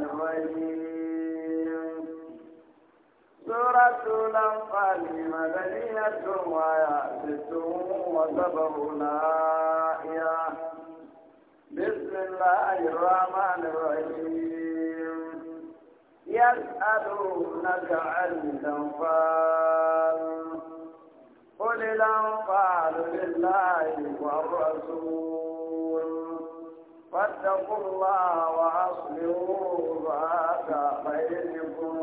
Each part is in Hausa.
الرجيم سورة الأنفال مدنية وآيات ست وسبعون آية بسم الله الرحمن الرحيم يسألونك عن الأنفال قل الأنفال لله واتقوا الله وأصلحوا ذات خيركم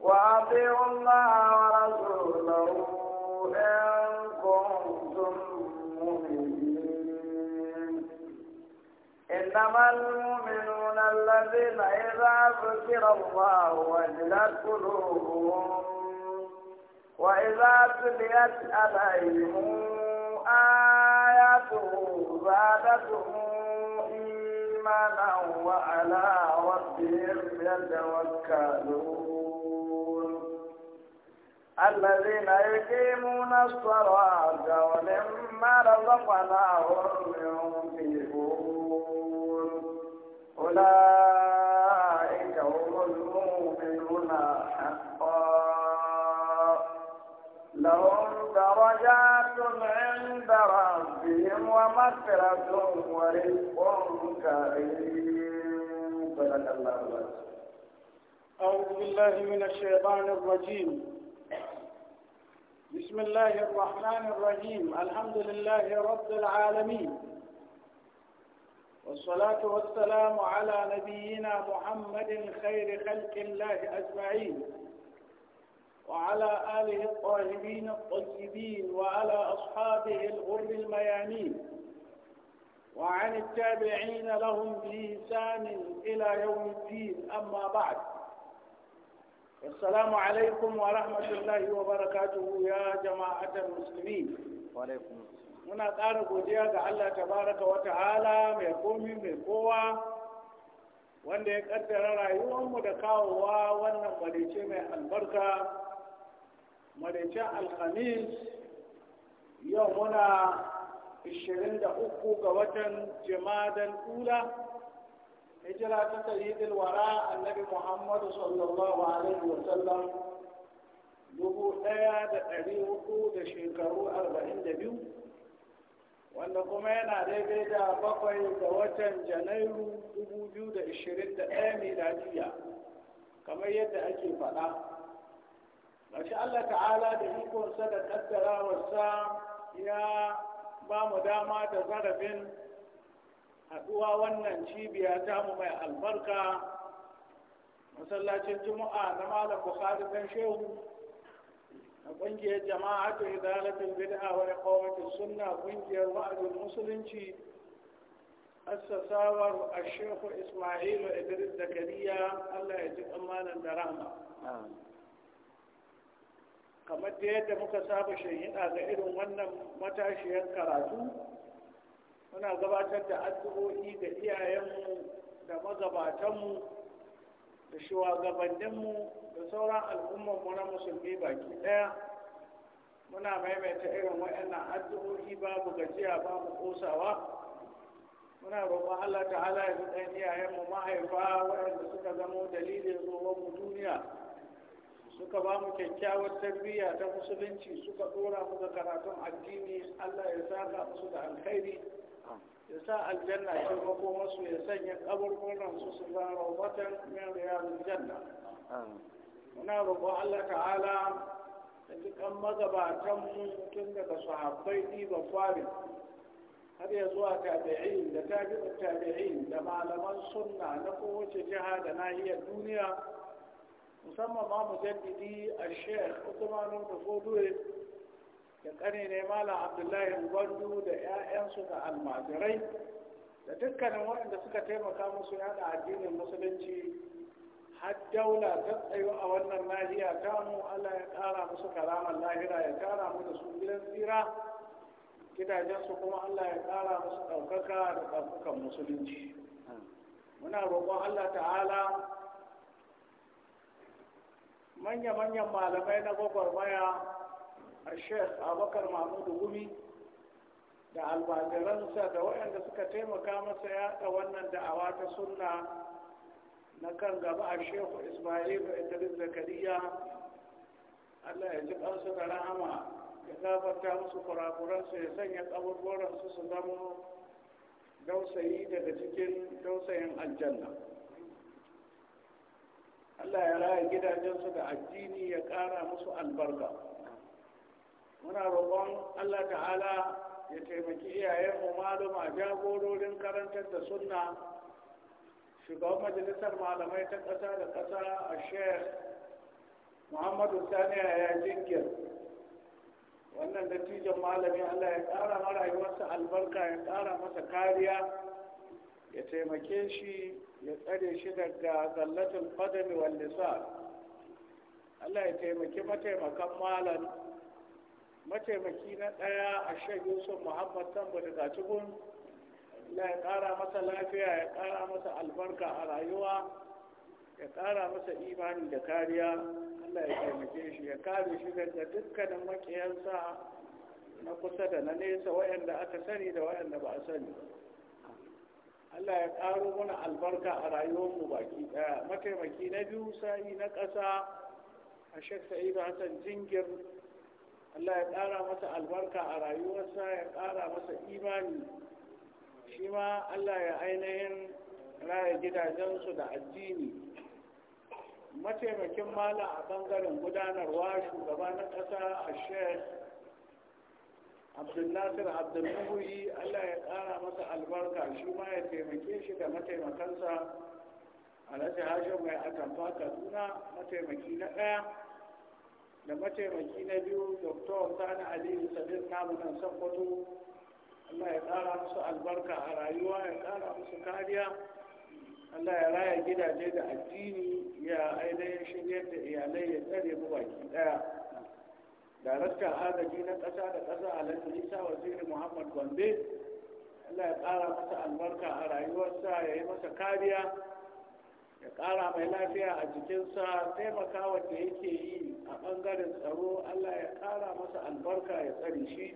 وأطيعوا الله ورسوله إن كنتم مؤمنين إنما المؤمنون الذين إذا ذكر الله وجلت قلوبهم وإذا تليت عليهم آه آياته زادتهم إيمانا وعلى ربهم يتوكلون الذين يقيمون الصلاة ومما رزقناهم ينفقون أولئك هم المؤمنون حقا لهم درجات عند ربهم ورزق كريم الله أعوذ بالله من الشيطان الرجيم بسم الله الرحمن الرحيم الحمد لله رب العالمين والصلاة والسلام على نبينا محمد خير خلق الله أجمعين وعلى آله الطاهرين الطيبين وعلى أصحابه الغر الميامين وعن التابعين لهم بإحسان إلى يوم الدين أما بعد السلام عليكم ورحمة الله وبركاته يا جماعة المسلمين وعليكم السلام muna ƙara godiya ga Allah tabaraka wa ta'ala mai komi mai kowa wanda ya ƙaddara rayuwarmu da kawowa maraicin alhamis yau muna 23 ga watan jimadan kula hijira ta sayyidul wara annabi muhammadu sallallahu alaihi wa sallam dubu ɗaya da ɗari uku da shekaru arba'in da biyu wanda kuma yana daidai da bakwai ga watan janairu dubu biyu da ishirin da ɗaya miladiya kamar yadda ake faɗa Mashi Allah ta'ala da ikonsa da kaddarawarsa ya ba mu dama da zarafin haɗuwa wannan cibiya ta mu mai albarka masallacin juma'a na malam bukhari ɗan shehu na ƙungiyar jama'atu idalatul bid'a wa iqamatus sunna ƙungiyar wa'azin musulunci assasawar ashehu isma'ilu idris zakariya Allah ya ji tsammanin da rahma kamar da yadda muka saba shahida ga irin wannan matashiyar karatu muna gabatar da addu'o'i ga iyayenmu da magabatanmu da shugabanninmu da sauran al'ummarmu na musulmi baki ɗaya muna maimaita irin wa'annan addu'o'i babu gajiya babu kosawa muna roƙon Allah ta'ala ya fi ɗan iyayenmu mahaifa waɗanda suka zamo dalilin zuwan mu duniya suka ba mu kyakkyawar tarbiyya ta musulunci suka dora mu ga karatun addini Allah ya saka musu da alkhairi ya sa aljanna ya mako ya sanya kaburburan su su zama rawatan min riyadul janna muna roƙon Allah ta'ala da dukkan magabatan mu tun daga sahabbai ɗiban farin har ya zuwa tabi'in da tabi'in tabi'in da malaman sunna na kowace jiha da nahiyar duniya musamman ma mujaddidi a sheikh usmanu da fodure da kane ne malam abdullahi ubandu da 'ya'yansu da almajirai da dukkanin waɗanda suka taimaka musu yada addinin musulunci har daula ta tsayo a wannan nahiya tamu allah ya ƙara musu karamar lahira ya ƙara mu da su gidan tsira gidajensu kuma allah ya ƙara musu ɗaukaka da ɗaukakan musulunci muna roƙon allah ta'ala manya-manyan malamai na gwagwarmaya a sheikh abubakar mahmudu gumi da albajiransa da waɗanda suka taimaka masa yaɗa wannan da'awa ta sunna na kan gaba a shehu ismail da idris zakariya allah ya ji ƙansu da rahama ya gafarta musu kurakuransu ya sanya ƙaburburansu su zama dausayi daga cikin dausayin aljanna Allah ya raya gidajensu da addini ya ƙara musu albarka muna roƙon Allah ta'ala ya taimaki iyayenmu ma jagororin karantar da sunna shugaban majalisar malamai ta ƙasa da ƙasa a shayar muhammadu Saniya ya jingir wannan dattijan malami Allah ya ƙara marayuwarsa albarka ya ƙara masa kariya ya taimake shi ya tsare shi daga zallatin qadami wal Allah ya taimaki mataimakan malam mataimaki na ɗaya a shan yusuf muhammad tambo daga cikin Allah ya ƙara masa lafiya ya ƙara masa albarka a rayuwa ya ƙara masa imani da kariya Allah ya taimake shi ya kare shi daga dukkanin makiyarsa na kusa da na nesa waɗanda aka sani da waɗanda ba a sani ba Allah ya ƙaro mana albarka a rayuwarmu baki ɗaya mataimaki na biyu sa'i na ƙasa a shek sa'id hassan jingir Allah ya ƙara masa albarka a rayuwarsa ya ƙara masa imani shi ma Allah ya ainihin raya gidajensu da addini mataimakin mala a ɓangaren gudanarwa shugaba na ƙasa a shek abdullasir abdullahi allah ya ƙara masa albarka shi ma ya taimake shi da mataimakansa alhaji hajji mai atamfa kaduna mataimaki na ɗaya da mataimaki na biyu Dr. sani aliyu sadiq namu nan sokoto allah ya ƙara musu albarka a rayuwa ya ƙara musu kariya allah ya raya gidaje da addini ya ainihin shigar da iyalai ya tsare mu baki ɗaya daraktan agaji na ƙasa da ƙasa a isa waziri muhammad gombe allah ya ƙara masa albarka a rayuwarsa ya yi masa kariya ya ƙara mai lafiya a jikinsa taimaka wanda yake yi a ɓangaren tsaro allah ya ƙara masa albarka ya tsare shi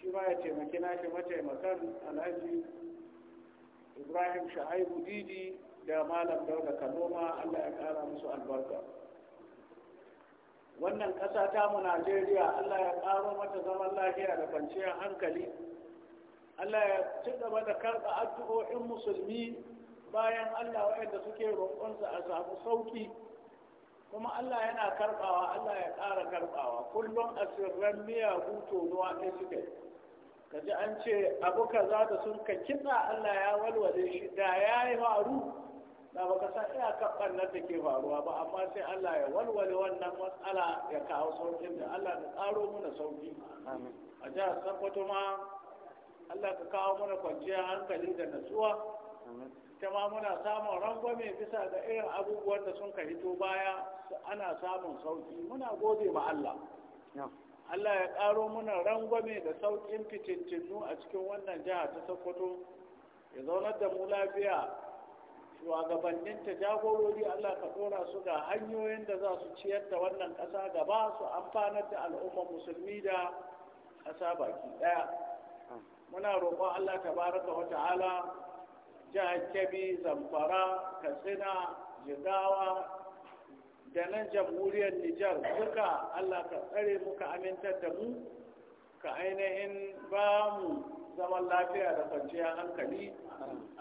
shi ma ya taimaki nashi mataimakan alhaji ibrahim sha'aibu didi da malam dauda kadoma allah ya ƙara musu albarka wannan ƙasa ta mu Najeriya Allah ya ƙaro mata zaman lafiya da kwanciyar hankali Allah ya ci gaba da karɓa addu'o'in musulmi bayan Allah waɗanda suke roƙonsa a samu sauƙi. kuma Allah yana karɓawa Allah ya ƙara karɓawa kullum miya miyagu tonuwa ɗaya suke ka ji an ce abu kaza da sun ka kitsa Allah ya walwale shi da ya yi faru da baka san iyakar ɓannar da ke faruwa ba amma sai Allah ya walwale wannan matsala ya kawo sauƙin da Allah ya tsaro mana sauƙi a jihar sakwato ma Allah ka kawo mana kwanciyar hankali da natsuwa ita ma muna samun rangwame bisa ga irin abubuwan da sun hito baya ana samun sauƙi muna gode ma Allah Allah ya ƙaro muna rangwame da sauƙin fitintinu a cikin wannan jiha ta sakwato ya zaunar da mu lafiya shugabanninta jagorori Allah ka dora su ga hanyoyin da za su ciyar da wannan ƙasa gaba su amfanar da al'ummar musulmi da ƙasa baki ɗaya muna roƙon Allah tabaraka wa ta'ala jihar Kebbi Zamfara Katsina Jigawa da nan jamhuriyar Nijar duka Allah ka tsare muka amintar da mu ka ainihin ba mu zaman lafiya da kwanciyar hankali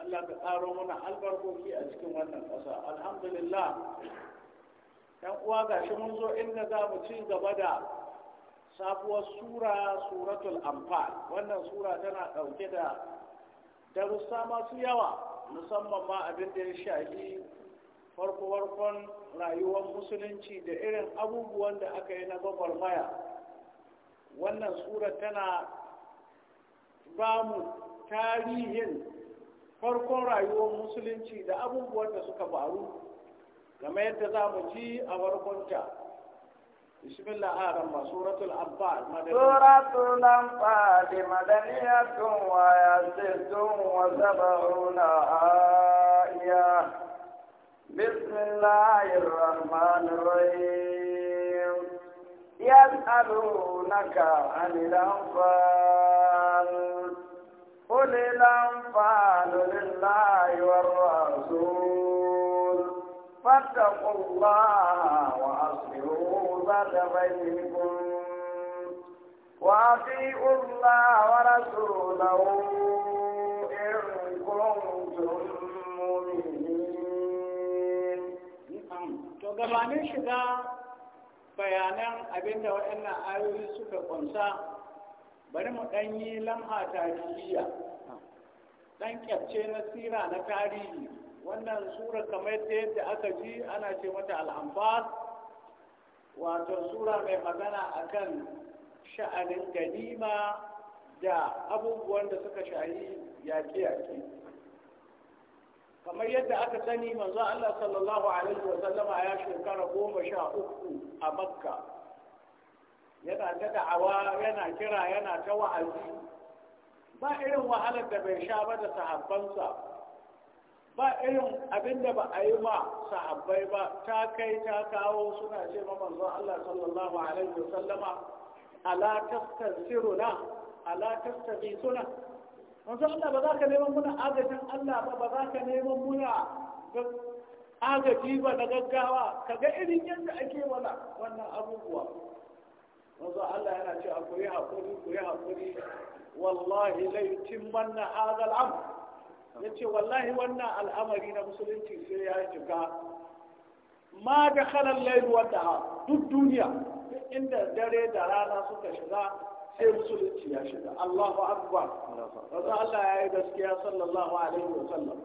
Allah ka tsaro mana albarkoki a cikin wannan ƙasa alhamdulillah yan uwa gashi mun zo inda za mu ci gaba da sabuwar sura suratul anfal wannan sura tana ɗauke da darussa masu yawa musamman ma abin da ya shafi farko-farkon rayuwar musulunci da irin abubuwan da aka yi na gwagwarmaya wannan sura tana bamu tarihin farkon rayuwar musulunci da abubuwan da suka faru game yadda za mu ji a farkonta سورة الأنفال مدنية ويزيدون وسبعون آية بسم الله الرحمن الرحيم يسألونك عن الأنفال قل الأنفال لله والرسول فاتقوا الله وأصلحوا ذات بينكم وأطيعوا الله ورسوله إن كنتم مؤمنين. نعم. bayanan abinda waɗannan ayoyi suka ƙunsa bari mu ɗan yi lamha tarihiya ɗan ƙyarce na sira na tarihi wannan sura kamar ta yadda aka ji ana ce mata al'ambar wato sura mai magana akan sha'anin ganima da abubuwan da suka shahi yaƙe-yaƙe kamar yadda aka sani manzo Allah sallallahu alaihi wa sallama ya shekara goma sha uku a makka yana ta da'awa yana kira yana ta wa'azi ba irin wahalar da bai sha ba da sahabbansa ba irin abin da ba a yi ma sahabbai ba ta kai ta kawo suna ce ma manzon Allah sallallahu alaihi wasallama ala tastasiruna ala tastasiruna manzon Allah ba za ka neman muna agajin Allah ba ba za ka neman muna agaji ba na gaggawa kaga irin yadda ake wala wannan abubuwa manzo Allah yana ce, ku yi hakuri ku yi hakuri wallahi la yutimmanna hadha al-amr ce, wallahi wannan al'amari na musulunci sai ya jika ma da khalal layl wa dahar duk duniya duk inda dare da rana suka shiga sai musulunci ya shiga Allahu akbar manzo Allah ya yi gaskiya sallallahu alaihi wa sallam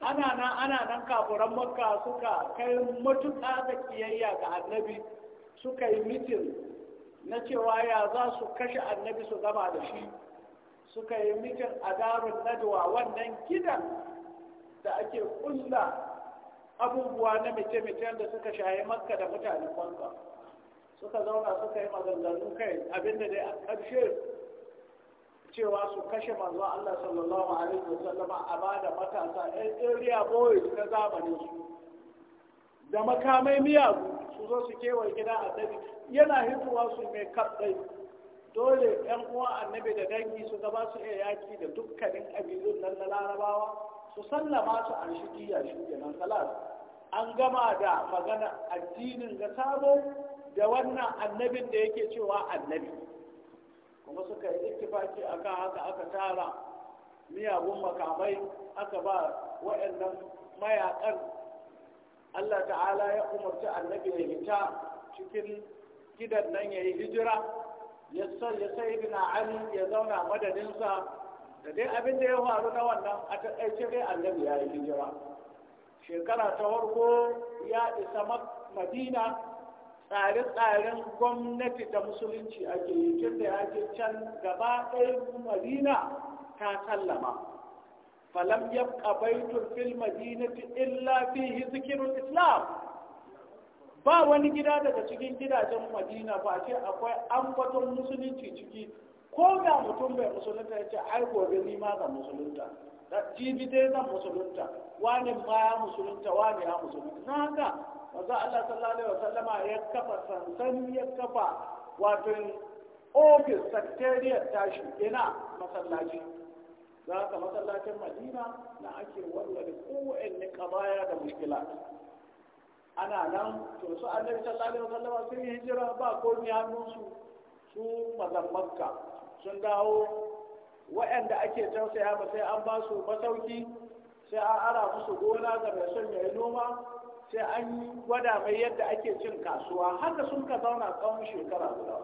ana nan ana nan kafuran makka suka kai matuƙa da kiyayya ga annabi suka yi mitin na cewa ya za su kashe annabi su gama da shi suka yi mitin a darun nadwa wannan gidan da ake kulla abubuwa na mace-macen da suka shaye makka da mutane kwanza, suka zauna suka yi maganganu kai abinda dai a ƙarshe cewa su kashe manzo Allah sallallahu alaihi wasallama a ba da matasa 'yan area boys na zamanin su da makamai miyagu su zo su kewaye gida annabi yana hitowa su mai kaɗai dole ɗan uwa annabi da dangi su gaba su iya yaki da dukkanin ƙabilun nan na larabawa su sallama su an shi diya shi nan salat an gama da magana addinin ga sabo da wannan annabin da yake cewa annabi kuma suka yi ittifaki akan haka aka tara miyagun makamai aka ba wa'annan mayakan Allah ta'ala ya umarci annabi ya hita cikin gidan nan ya yi hijira ya sai ibn ali ya zauna madadinsa da dai abin da ya faru na wannan a taƙaice dai annabi ya yi hijira shekara ta farko ya isa madina tsare-tsaren gwamnati ta musulunci ake yi tun da ya ce can gaba ɗaya madina ta sallama falam yabqa baitun fil madinati illa fihi zikrul islam ba wani gida daga cikin gidajen madina ba ce akwai ambaton musulunci ciki ko da mutum bai musulunta ya ce ai gobe ni ma zan musulunta da jibi dai zan musulunta wani ma ya musulunta wani ya musulunta na haka manzo Allah sallallahu alaihi wasallama ya kafa sansan ya kafa wato ofis secretariat tashi ina masallaci za ka masallacin madina na ake warware kowanne kabaya da mushkila ana nan to su annabi sallallahu alaihi wasallam sun yi hijira ba ko komai hannunsu su mazan makka sun dawo waɗanda ake tausaya ba sai an ba su masauki sai an ara musu gona ga mai son ya yi noma sai an yi gwada mai yadda ake cin kasuwa haka sun ka zauna tsawon shekara guda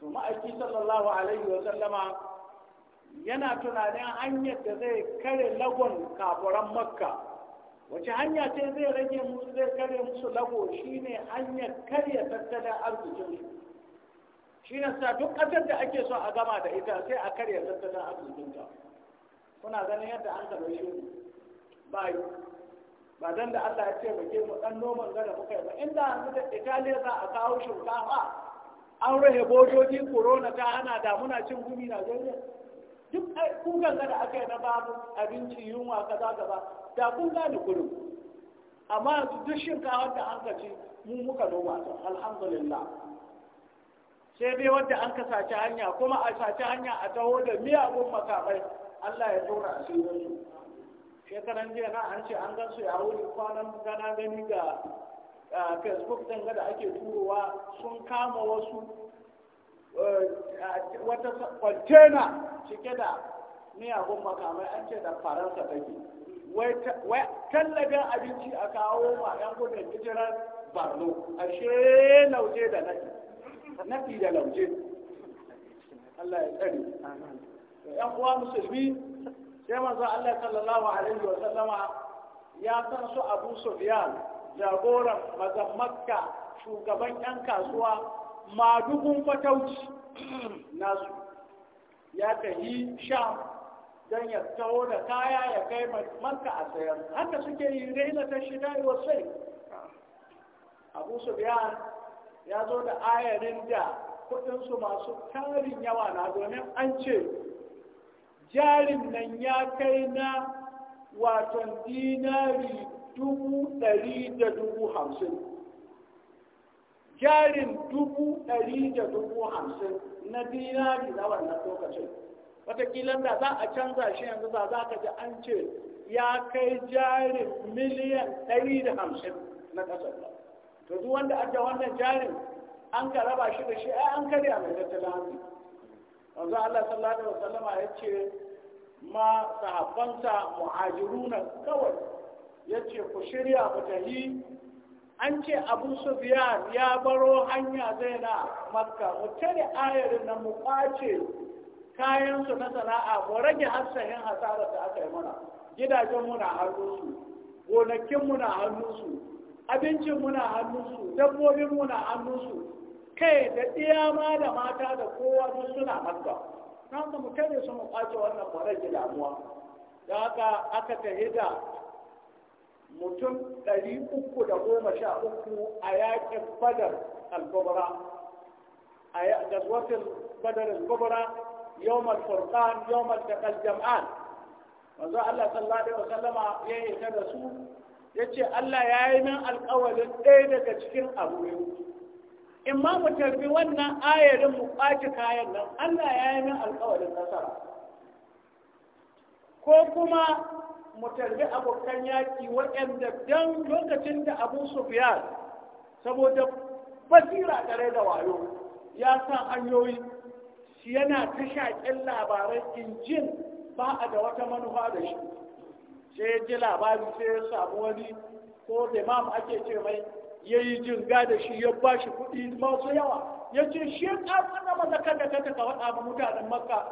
to ma'aiki sallallahu alaihi wa sallama yana tunanin hanyar da zai kare lagon kafuran makka wace hanya ce zai rage musu zai kare musu lago shine hanyar karya tattalin arzikin shi ne sa duk ƙasar da ake so a gama da ita sai a karya tattalin arzikinta kuna ganin yadda an karɓi shi ba ba dan da Allah ya ce ba ke mu dan noman gada muka yi ba inda an da Italiya za a kawo shinkafa an rahe bojoji corona ta ana da muna cin gumi na Najeriya duk eh, kukan da aka yi na babu abinci yunwa kaza kaza da kun gani kullum amma duk shinkawar da an ka ci mu muka noma ta alhamdulillah sai dai wanda an ka sace hanya kuma a sace hanya a taho da miyagun makamai Allah ya tura a cikin shekaran jiya na an ce an su ya wuri kwanan gana gani ga facebook ga da ake turowa sun kama wasu Eh, wata kwantena cike da miyagun makamai an ce da faransa take wai tallabin abinci a kawo ma 'yan gudun hijirar barno ashe lauje da nafi nafi da lauje Allah ya tsari yan uwa musulmi sai manzo Allah sallallahu alaihi wa sallama ya san su Abu Sufyan jagoran mazan Makka shugaban yan kasuwa madugun fatauci nasu ya tafi sham don ya taho da kaya ya kai maka a sayar haka suke yi raina ta shida wa sai abu su ya zo da ayarin da kudinsu masu tarin yawa na domin an ce jarin nan ya kai na waton dinari dubu ɗari da dubu hamsin jarin dubu ɗari da dubu hamsin na dinari na wannan lokacin watakila da za a canza shi yanzu ba za ka ji an ce ya kai jarin miliyan ɗari da hamsin na ƙasar ba to duk wanda an da wannan jarin an ka raba shi da shi ai an karya mai tattalin hannu, wanzu Allah sallallahu alaihi wasallam ya ce ma sahabbansa muhajiruna kawai ya ce ku shirya ku tahi an ce abu sufiyan ya baro hanya zai na makka mu tare ayarin na mu kwace kayansu na sana'a mu rage hassahin hasarar da aka yi mana gidajen muna hannunsu gonakin muna hannunsu abincin muna hannunsu dabbobin muna hannunsu kai da ɗiya ma da mata da kowa duk suna makka na mu tare su mu kwace wannan mu rage damuwa da haka aka tahida mutum ɗari uku da goma sha uku a yaƙin badar al-gobara a gazwatin badar al-gobara yawmal yau yawmal taqal jam'an manzo Allah sallallahu alaihi wasallama ya yi ta da su Ya ce Allah ya yi min alƙawarin ɗaya daga cikin abu in ma mu tarbi wannan ayarin mu ɓaci kayan nan Allah ya yi min alƙawarin nasara ko kuma mu tarbi abokan yaƙi waɗanda don lokacin da abu sufyan saboda basira tare da wayo ya sa hanyoyi yana ta shaƙin labaran injin ba a da wata manufa da shi sai ji labari sai ya samu wani ko da imam ake ce mai ya yi jinga da shi ya ba shi kuɗi masu yawa ya ce shi ya ƙasa na maza da ta ka faɗa mutanen makka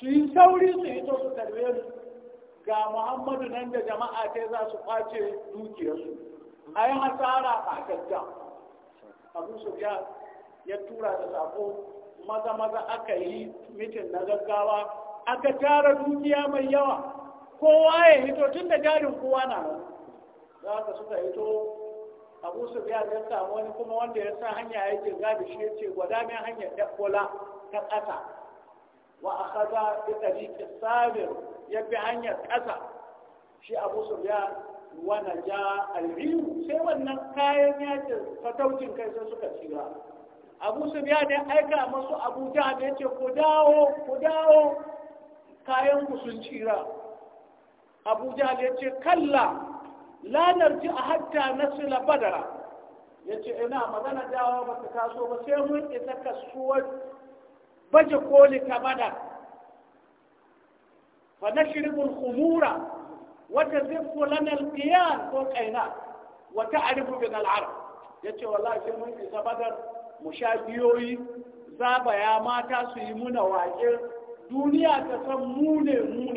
su yi sauri su yi to su tarbe ni ga muhammadu nan da jama'a ta za su kwace dukiyarsu a yi hasara a gaggam abu su ya tura da sako maza maza aka yi mitin na gaggawa aka tara dukiya mai yawa kowa ya hito tun da jarin kowa na nan za ka suka hito abu su biya ya samu wani kuma wanda ya sa hanya ya ke gadi shi ce gwada mai hanyar ɗakkola ta ƙasa wa a kaza ita ɗari sabir ya bi hanyar ƙasa shi abu sufyan wana ja sai wannan kayan yakin fataucin kai sai suka tsira abu sufyan ya aika masu abu jahal ya ce ku dawo ku dawo kayan ku sun tsira abu jahal ya ce kalla lanar ji a hatta sila badara ya ce ina magana dawo ba ta taso ba sai mun isa kasuwar baje koli ta badara فنشرب الخمور وتزف لنا القيان والقينات وتعرف بنا العرب yace wallahi sai mun isa badar mu sha biyoyi zabaya mata su yi muna waƙe duniya ta san mu ne mu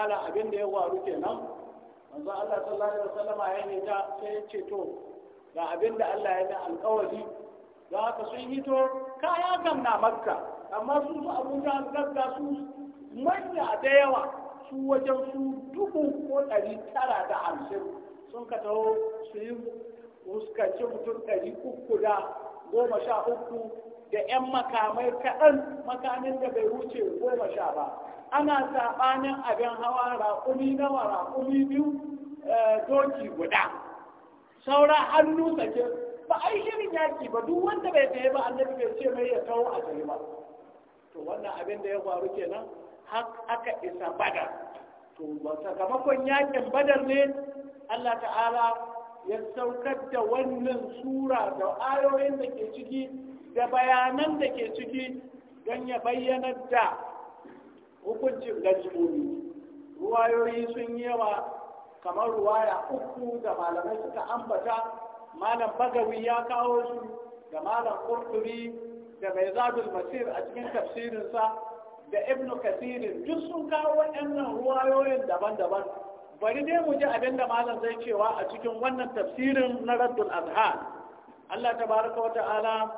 abin da ya waru kenan manzo Allah sallallahu alaihi wasallama ya ne ta sai ya ce to abin da Allah ya da alƙawari don haka sun hito kaya gamna makka amma su su abu jahal su manya da yawa su wajen su dubu ko ɗari tara da hamsin sun ka taho su yi fuskanci mutum ɗari uku da goma sha uku da 'yan makamai kaɗan makamin da bai wuce goma sha ba ana saɓanin abin hawa raƙumi nawa raƙumi biyu eh, doki guda saura hannu sake ba ai shirin yaki ba duk wanda bai tsaye ba annabi bai ce mai ya taho a tsaye ba to wannan abin da ya faru kenan har aka isa badar to ba sakamakon yakin badar ne Allah ta'ala ya saukar da wannan sura da ayoyin da ke ciki da bayanan da ke ciki don ya bayyana da hukuncin gajimomi ruwayoyi sun yi yawa kamar ruwaya uku da malamai suka ambata malam bagawi ya kawo su da malam kurturi da mai zadul masir a cikin tafsirinsa da ibnu kasirin duk sun kawo waɗannan ruwayoyin daban-daban bari dai mu ji abin da malam zai cewa a cikin wannan tafsirin na raddul azhar Allah tabaraka wa ta'ala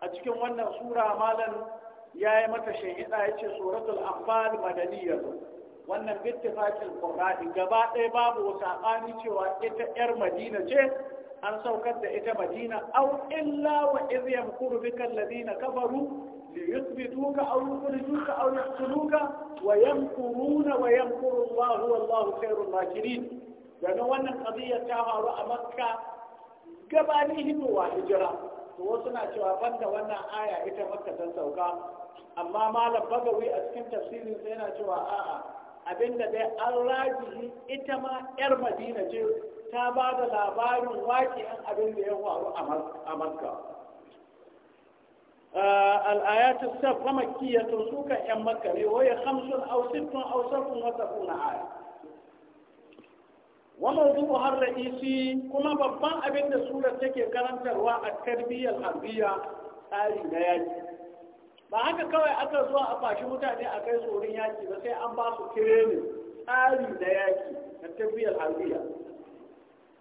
a cikin wannan sura malam ya yi mata shahida ya ce suratul anfal madaniyatu wannan bittifaqil qur'ani gaba ɗaya babu saɓani cewa ita yar madina ce an saukar da ita madina au illa wa idh yamkuru bika alladhina kafaru li yuthbituka aw yukhrijuka aw yaqtuluka wa yamkuruna wa yamkuru Allahu wallahu khairul makirin dan wannan qadiyya ta faru a Makka gabani hidowa hijira to wasu na cewa banda wannan aya ita Makka ta sauka amma malam bagawi a cikin tafsirin sai yana cewa a'a abinda dai an rajihi ita ma yar madina ce ta ba da labarin waƙiyan abin da ya faru a makka al'ayatu safa makkiyatun suka yan makka ne waye hamsun aw sittun aw sab'un wa sab'una aya wa mawdu'u har ra'isi kuma babban abin da surar take karantarwa a tarbiyyar harbiya tsari na yaki ba haka kawai aka zuwa a fashi mutane a kai tsoron yaki ba sai an ba su training tsari na yaki na tarbiyyar harbiya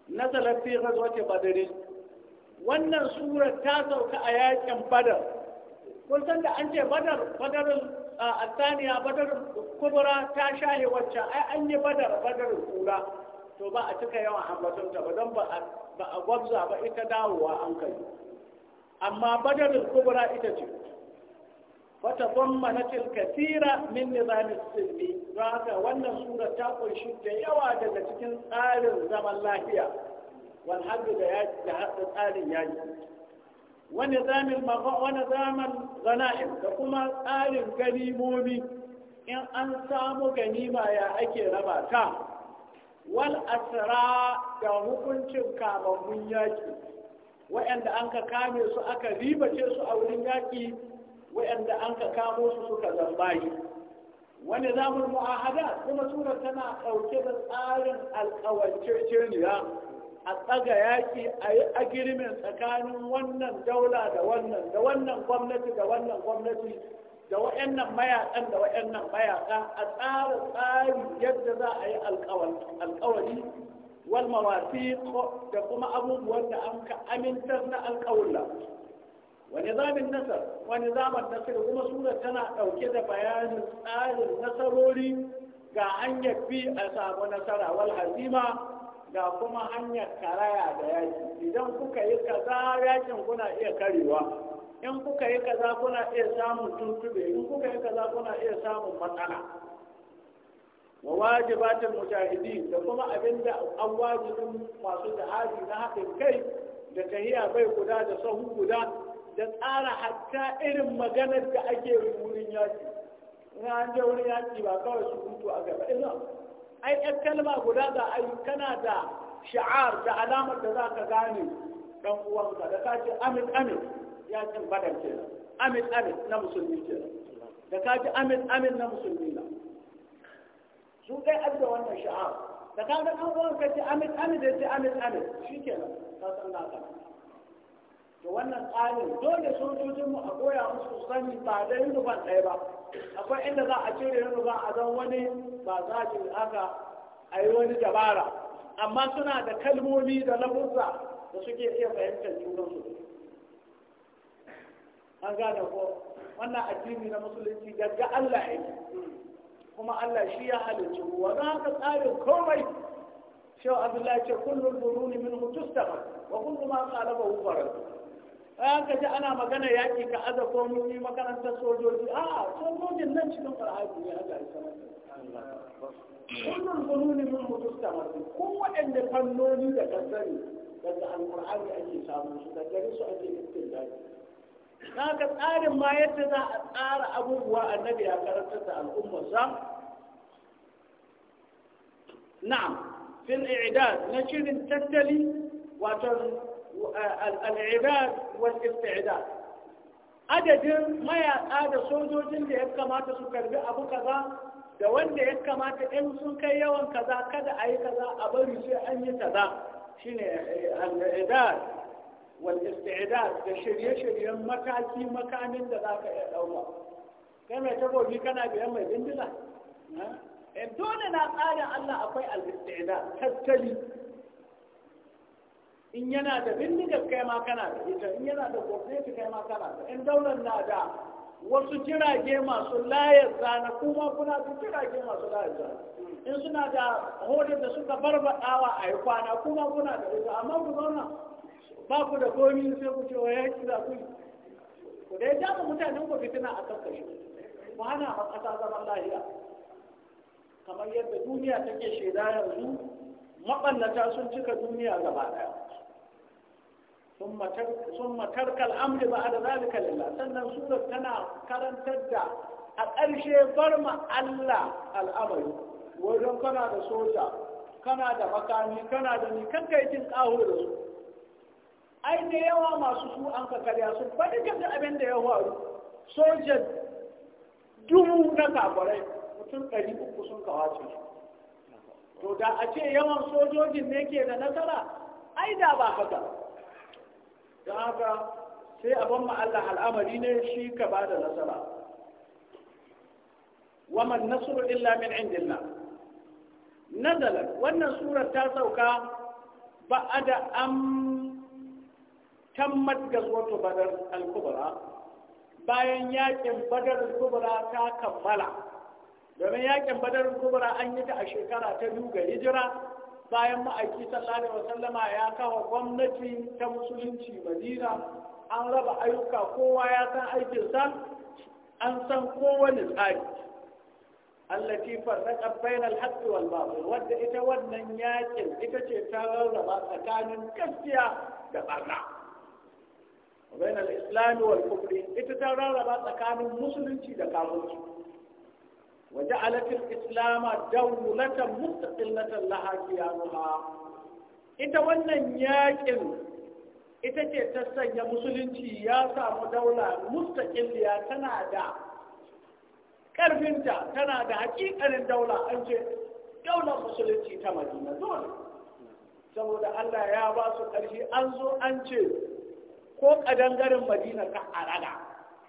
nazalat fi ghazwati badr wannan sura ta sauka a yakin badar kun san da an ce badar kubra ta shahe wacce ai an yi badar, badar kula to ba a cika yawan ta ba don ba a gwabza ba ita dawowa an kai amma badar kubra ita ce وتضمنت الكثير من نظام السلم وهذا وانا سورة تقول شدة يوا دل تكن آل زمن لاهية والحمد لله آل يعني ونظام المغ ونظام الغنائم وكما آل غنيمومي إن أنسام غنيمة يا أكي رباتا والأسرى يومكن تنكاب من ياكي وإن أنك كامل سأكا ريبة سأولين ياكي wayanda an ka kamo su suka zambayi wani zamun mu'ahada kuma surar tana ɗauke da tsarin alƙawancerceniya a tsaga yaƙi a yi agirimin tsakanin wannan daula da wannan da wannan gwamnati da wannan gwamnati da wa'annan mayaƙan da wa'annan mayaƙa a tsara tsari yadda za a yi alƙawari wal mawasiq da kuma abubuwan da an ka amintar na alƙawulla ونظام النصر ونظام النصر tana سورة da أو كذا بيان آل ga hanyar fi a samu nasara wal hazima ga kuma hanyar karaya da yaki idan kuka yi kaza yakin kuna iya karewa in kuka yi kaza kuna iya samun tuntube in kuka yi kaza kuna iya samun matsala wa wajibatul mujahidin da kuma abin da an wajibin masu jihadi na haɗin kai da tahiya bai guda da sahu guda da tsara hatta irin maganar da ake wurin yaki ina an je wurin yaki ba kawai su mutu a gaba ina ai ɗan kalma guda da ai kana da sha'ar da alamar da za ka gane ɗan uwanka da ka ji amin amin yakin badan ke amin amin na musulmi ke da ka ji amin amin na musulmi na su dai da wannan sha'ar da ka ga ɗan uwanka ce amin amin da ce amin amin shi kenan ka san na da wannan tsarin dole sojojinmu a goya musu sani ba da yunufan ɗaya ba akwai inda za a cire yunufan a zan wani ba za a aka haka a yi wani dabara amma suna da kalmomi da lafuzza da suke iya fahimtar junansu an gane ko wannan addini na musulunci daga Allah yake kuma Allah shi ya halicci wa za ka tsarin komai shau abdullahi ce kullum buruni min hutustama wa kullum ma qalaba hufarar bayan ka ji ana magana yaƙi ka aza ko mun yi makarantar sojoji a sojojin nan cikin farhaji ne haka ita kullum fununi mun mutusta masu ko waɗanda fannoni da kasari daga alƙur'ani ake samu su da gari su ake istin daji na ka tsarin ma yadda za a tsara abubuwa annabi ya karantar da al'ummarsa na'am fil i'dad na shirin tattali wato al'ibad wal istidad adadin mayaka da sojojin da ya kamata su karbi abu kaza da wanda ya kamata in sun kai yawan kaza kada ayi kaza a bari sai an yi kaza shine al'idad wal istidad da shirye-shiryen mataki makamin da za ka ɗauka kai mai takobi kana biyan mai bindila dole na tsarin Allah akwai al tattali in yana da bindigar kai ma kana da ita in yana da gwamnati kai ma kana da in daular na da wasu jirage masu layar zana kuma kuna da jirage masu layar zana in suna da hodar da suka barbaɗawa a yi kwana kuma kuna da ita amma ku zauna ba ku da komi sai ku ce wa yaki za ku ku da ya mutanen ku fitina a kakkashe ku hana a ƙasa zaman lahiya kamar yadda duniya take shaida yanzu maɓallata sun cika duniya gaba ɗaya summa tarkal amri ba da zalika lillah sannan surar tana karantar da a ƙarshe bar ma Allah al'amari wajen kana da soja kana da makami kana da ni kan kai jin ƙaho da su ai da yawa masu su an ka karya su bari ka ga abin da ya faru sojan dubu na kafarai mutum ɗari uku sun kawace su to da a ce yawan sojojin ne ke da nasara ai da ba haka don haka sai a ban Allah al'amari ne shi ka ba da nasara waman nasru illa min indillah nazalat wannan surar ta sauka ba'ada am tammat gazwatu badar al-kubra bayan yakin badar al-kubra ta kammala domin yakin badar al-kubra an yi ta a shekara ta biyu ga hijira bayan ma'aiki sallallahu alaihi wasallama ya kawo gwamnati ta musulunci madina an raba ayyuka kowa ya san aikinsa an san kowane tsari allati farraqa bayna al-haqqi wal batil wadda ita wannan yakin ita ce ta rarraba tsakanin gaskiya da barna bayna islam wal ita ta rarraba tsakanin musulunci da kafirci وجعلت الإسلام دولة مستقلة لها كيانها ita wannan yakin ita ce ta sanya musulunci ya samu daula mustaƙiliya tana da ƙarfinta tana da haƙiƙanin daula an ce daular musulunci ta madina dole saboda allah ya ba su ƙarfi an zo an ce ko ƙadangaren madina ka a raga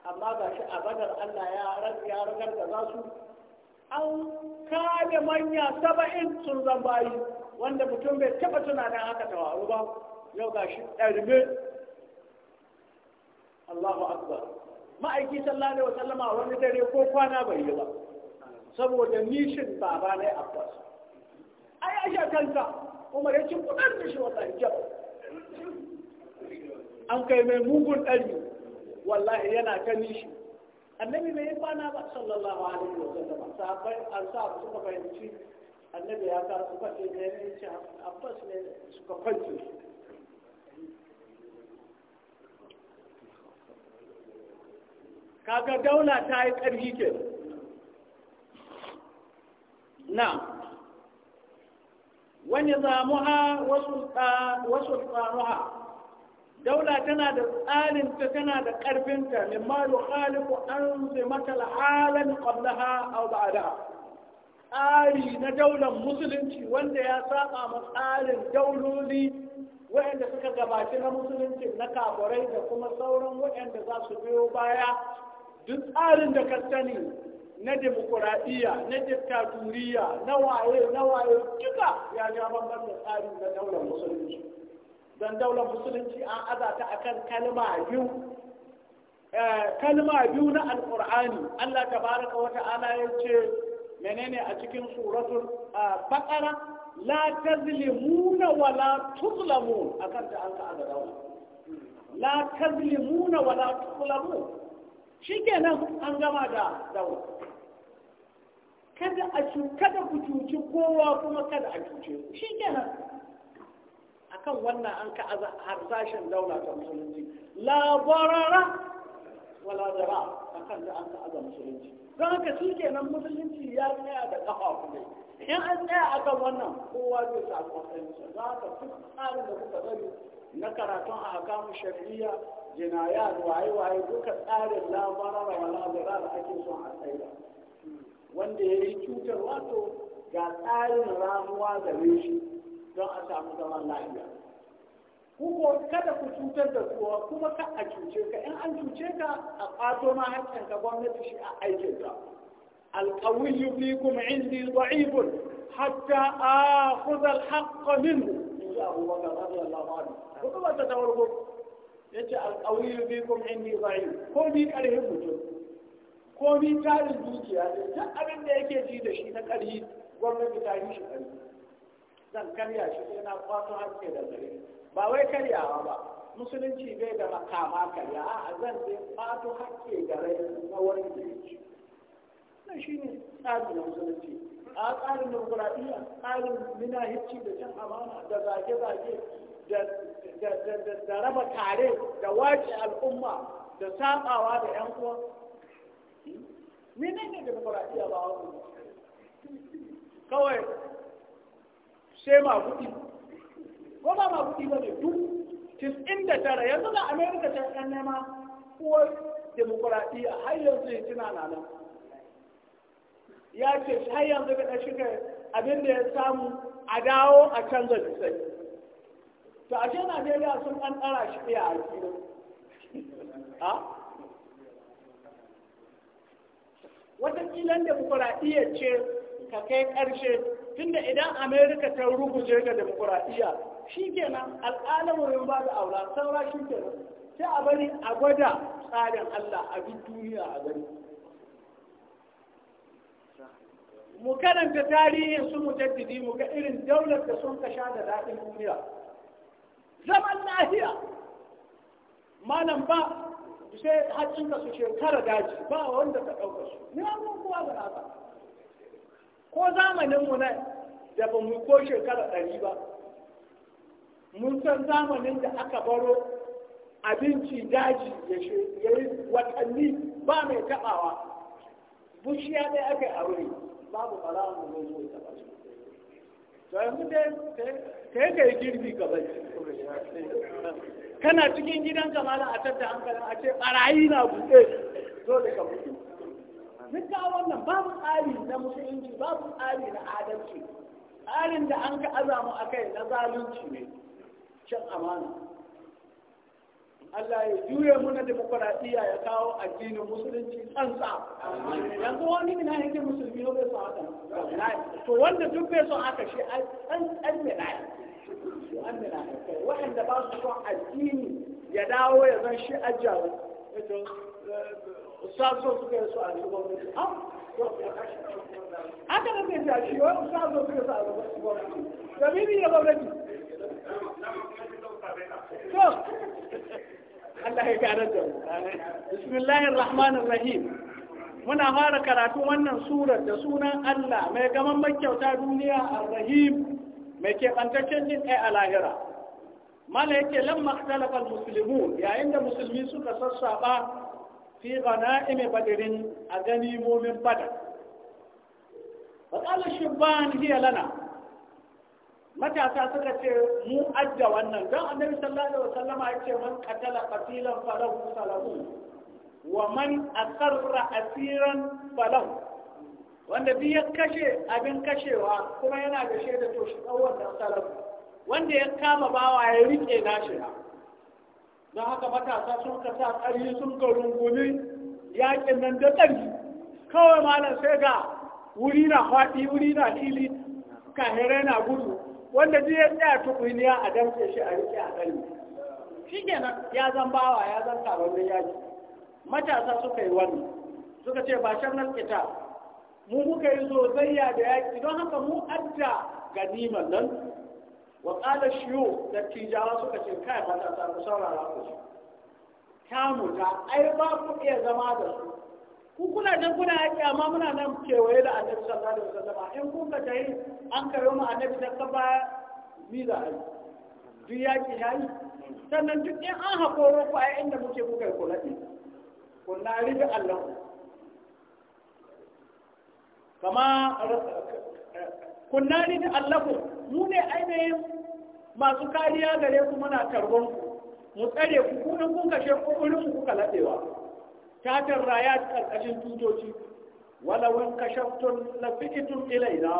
amma ga shi a badar allah ya ragar da za su an kame manya saba'in sun zan bayi wanda mutum bai taɓa tunanin haka tawaru ba yau ga shi ɗarbe Allahu Akbar ma'aiki sallallahu alaihi a wani dare ko kwana bai yi ba saboda nishin baba ne Abbas ai aisha kanta Umar ya ci kudar da shi wata hijab an kai mai mugun ɗari wallahi yana ta nishin. annabi bai yi kwana ba sallallahu alaihi wa sallam sahabbai an sa suka fahimci annabi ya ka ne ne ce abbas ne suka kwance kaga daula ta yi ƙarfi ke na wani zamuha wasu tsanuha daula tana da tsarinta tana da ƙarfinta mimma yukhalifu an mata halan qablaha aw ba'daha tsari na daular musulunci wanda ya saba ma tsarin dauloli waɗanda suka gabaci na musulunci na kafurai da kuma sauran waɗanda za su biyo baya duk tsarin da ka sani na demokuraɗiyya na diktaturiya na waye na waye duka ya ja bambam da tsarin na daular musulunci Zan daular musulunci an azata akan kalma biyu eh, kalma biyu na Alƙur'ani. Allah ta tabaraka wata ta'ala ya ce menene a cikin suratul ah, baqara la tazlimuna wa la tuzlamun akan ta an ka dawo la tazlimuna wa la tuzlamun shikenan an gama da dawo kada a kada ku cuci kowa kuma kada a cuce ku shikenan akan wannan an ka harsashen daula ta musulunci la wala dara akan da an ka aza musulunci don haka shi kenan musulunci ya tsaya da kafa kuma in an tsaya akan wannan kowa zai sa kwatanci za ka fi tsarin da kuka bari na karatun a hakamu shafiya jinaya waye-waye duka tsarin labarara wala dara da ake son a tsaida wanda ya yi cutar wato ga tsarin ramuwa gare shi don a samu zaman lafiya kuko kada ku cutar da kowa kuma ka a cuce ka in an cuce ka a ƙwato ma haƙƙin ka gwamnati shi a aikin ka alƙawiyu fi kuma indi da'ibun hatta a kuzar haƙƙa min in ji abubakar radiyallahu anhu kuma ba ta tawarko ya ce alƙawiyu fi kuma indi da'ib ko bi ƙarfin mutum ko bi tarin dukiya duk abin da yake ji da shi na ƙarfi gwamnati ta yi shi ƙarfi zan karya shi sai na kwato ke da zare ba wai karyawa ba musulunci bai da makama karya a zan sai kwato ke da rai na wani zuci na shi ne tsarin musulunci a tsarin demokuraɗiyya tsarin minahicci da can amana da zage-zage da raba tare da wace al'umma da sabawa da 'yan uwa hmm? menene demokuraɗiyya ba wani kawai ma kuɗi ko ba ma kuɗi ba ne duk cikin da tara yanzu da amerika ta ɗan nema ko demokuraɗiyya har yanzu ya tuna na nan ya ce har yanzu ga shiga abin da ya samu a dawo a canza bisai to ashe najeriya sun ɗan ɗara shi ɗaya a wata wataƙila demokuraɗiyya ce ka kai ƙarshe tunda idan amerika ta rubuce ga demokuraɗiyya shi kenan al'adar ba da aula saura shi kenan sai a bari a gwada tsarin allah a bi duniya a gani mu karanta tarihin su mujaddidi mu ga irin daular da sun kasha da daɗin duniya zaman lahiya malam ba sai hacinka su shekara daji ba wanda ka ɗauka su ni an kuwa da haka ko zamaninmu na da ba mu ko shekara ɗari ba mun san zamanin da aka baro abinci daji ya yi watanni ba mai taɓawa bushiya ɗaya aka yi aure babu ɓara mu zo ya taɓa shi to yanzu dai kai ka yi girbi ka kana cikin gidanka malam a tattara hankalin a ce ɓarayi na buɗe zo ka buɗe duk ga wannan babu tsari na musulunci babu tsari na adalci tsarin da an ka azamu a kai na zalunci ne cin amana Allah ya juya muna demokuraɗiyya ya kawo addinin musulunci tsantsa yanzu wani ina yake musulmi ne bai so haka to wanda duk bai so haka shi an an ne ne na wanda ba su son addini ya dawo ya zan shi ajjawa ustazo suka yi su a gwamnati haka da ke ja shi wani ustazo suka yi su a gwamnati da bibi da gwamnati to Allah ya gane da bismillahir rahmanir rahim muna fara karatu wannan surar da sunan Allah mai gaman makyauta duniya ar-rahim mai keɓantaccen jin kai a lahira mala yake lamma ikhtalafa al-muslimun yayin da musulmi suka sassaba fi ghana'im badrin a gani ganimomin badar fa qala shibban hiya lana matasa suka ce mu adda wannan don annabi sallallahu alaihi wasallam ya ce man qatala qatilan falahu salahu wa man aqarra asiran falahu wanda bi ya kashe abin kashewa kuma yana da shaida to shi tsawon wannan salahu wanda ya kama bawa ya rike nashi na don haka matasa sun ka sa ƙarfi sun ka rungumi yaƙin nan da ƙarfi kawai malam sai ga wuri na faɗi wuri na fili kahirai na gudu wanda ji ya tsaya tukwiniya a shi a riƙe a ƙari. shi kenan ya zan bawa ya zan da yaƙi matasa suka yi wani suka ce ba shan nan mu muka yi zozayya da yaƙi don haka mu adda ganimar nan wa ƙala shiyo da tijawa suka ce kai matasa ku saurara ku ce kamu ta ai ba ku iya zama da su ku kuna nan kuna yaƙi amma muna nan kewaye da annabi sallallahu alaihi wasallam in kun ka tayi an kayo mu annabi da ka baya ni da ai duk ya yi? sannan duk in an hakoro ku ai inda muke kuka yi kula ɗin kunna ribi Allah kama kunna ribi Allah mu ne ainihin masu kariya gare ku muna karban ku mu tsare ku kuma kun kashe kokarin ku kuka ladewa tatar raya karkashin tutoci wala wan kashaftun la fikitum ilaina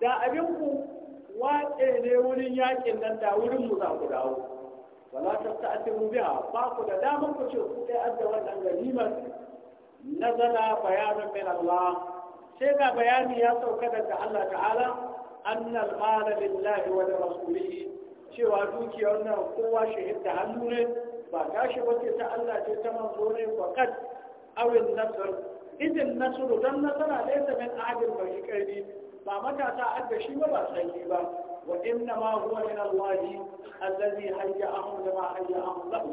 da abin ku watse ne wurin yakin nan da wurin mu za ku dawo wala ta tasta'tiru biha ba ku da damar ku ce ku dai adda wannan ganimar nazala bayanan min Allah sai ga bayani ya sauka daga Allah ta'ala annal mala lillahi wa da rasulihi cewa dukiyar nan kowa shahid da hannu ne ba gashi wace ta Allah ce ta manzo ne faqat awin nasr idin nasr dan nasara laysa min ahadin bai kai ba matasa adda shi ba ba sai ba wa inna ma huwa min Allah allazi hayya'ahum lama hayya'ahum lahu